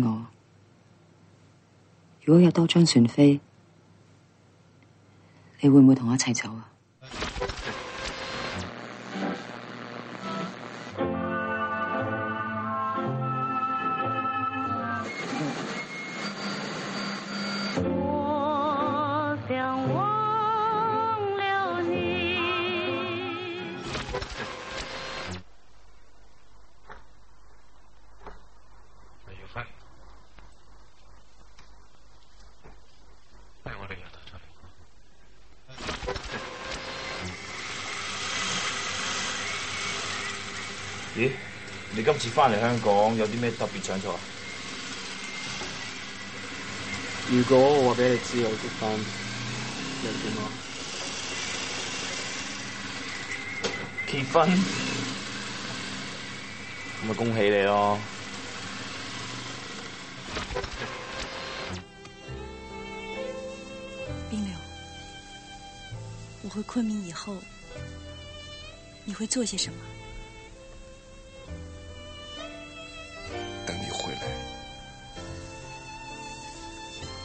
我，如果有多張船飛，你會唔會同我一齊走啊？.翻嚟香港有啲咩特別想做？如果我俾你知，我結婚。結婚，咁咪恭喜你咯。冰涼，我回昆明以後，你會做些什麼？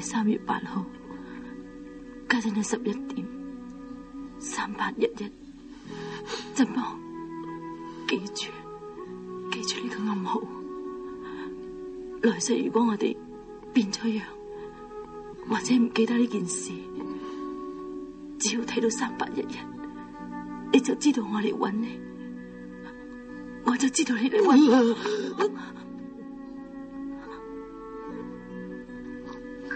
三月八號，家陣係十一點三八一一，振邦，記住，記住呢個暗號。來世如果我哋變咗樣，或者唔記得呢件事，只要睇到三八一一，你就知道我嚟揾你，我就知道你嚟揾我。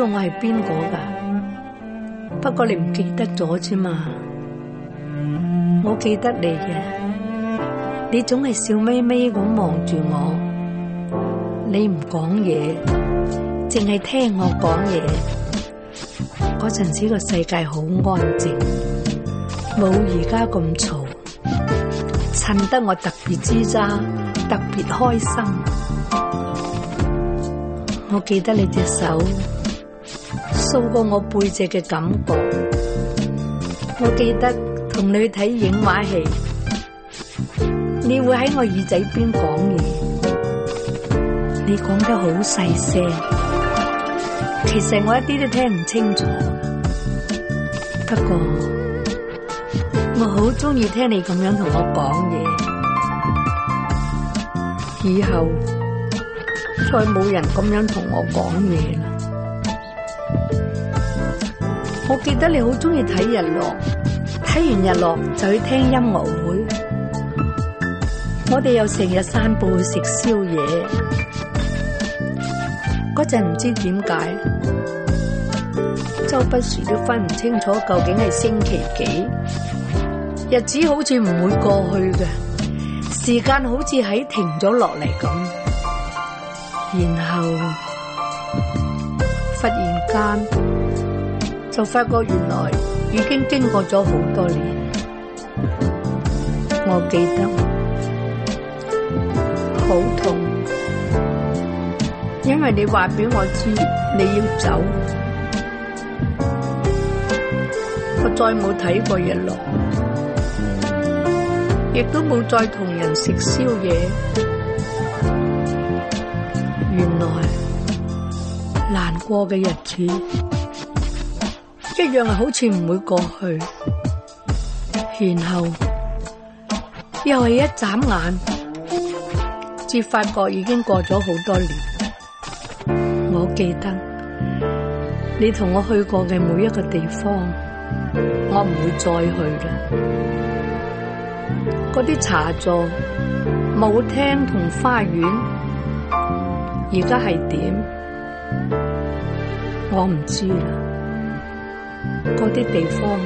知道我係邊個噶，不過你唔記得咗啫嘛。我記得你嘅，你總係笑眯眯咁望住我，你唔講嘢，淨係聽我講嘢。嗰陣時個世界好安靜，冇而家咁嘈，襯得我特別吱喳，特別開心。我記得你隻手。掃過我背脊嘅感覺，我記得同你睇影畫戲，你會喺我耳仔邊講嘢，你講得好細聲，其實我一啲都聽唔清楚，不過我好中意聽你咁樣同我講嘢，以後再冇人咁樣同我講嘢。我記得你好中意睇日落，睇完日落就去聽音樂會。我哋又成日散步去食宵夜。嗰陣唔知點解，周不時都分唔清楚究竟係星期幾，日子好似唔會過去嘅，時間好似喺停咗落嚟咁。然後忽然間。就發覺原來已經經過咗好多年，我記得我好痛，因為你話俾我知你要走，我再冇睇過日落，亦都冇再同人食宵夜，原來難過嘅日子。一樣係好似唔會過去，然後又係一眨眼，至發覺已經過咗好多年。我記得你同我去過嘅每一個地方，我唔會再去啦。嗰啲茶座、舞廳同花園，而家係點？我唔知啦。嗰啲地方，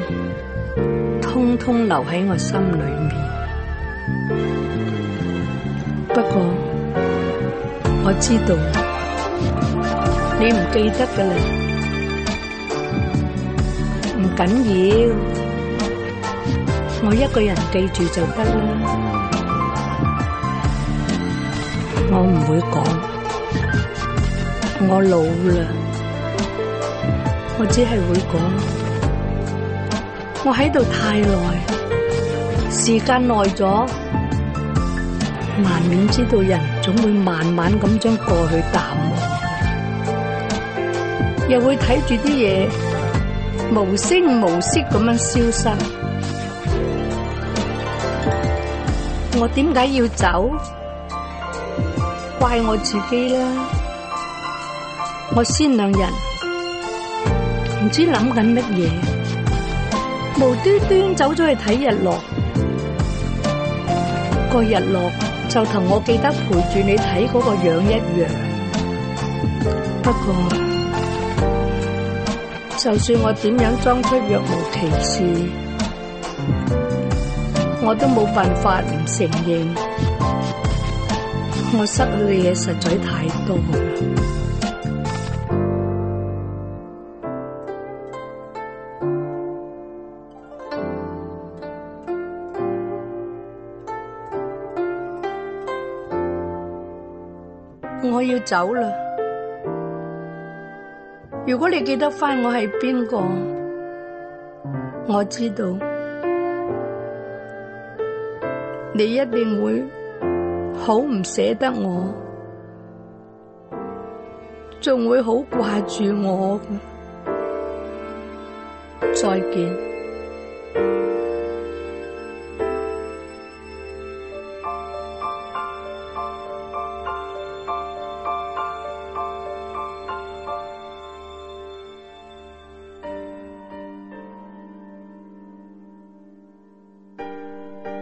通通留喺我心裏面。不過我知道你唔記得噶啦，唔緊要，我一個人記住就得啦。我唔會講，我老啦，我只係會講。我喺度太耐，時間耐咗，難免知道人總會慢慢咁將過去淡忘，又會睇住啲嘢無聲無息咁樣消失。我點解要走？怪我自己啦，啊！我先兩日唔知諗緊乜嘢。無端端走咗去睇日落，個日落就同我記得陪住你睇嗰個樣一樣。不過，就算我點樣裝出若無其事，我都冇辦法唔承認，我失去嘅嘢實在太多啦。走啦！如果你記得翻我係邊個，我知道你一定會好唔捨得我，仲會好掛住我。再見。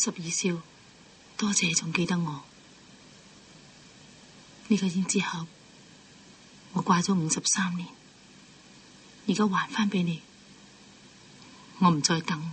十二少，多謝你仲記得我呢個胭脂盒，我掛咗五十三年，而家還翻俾你，我唔再等。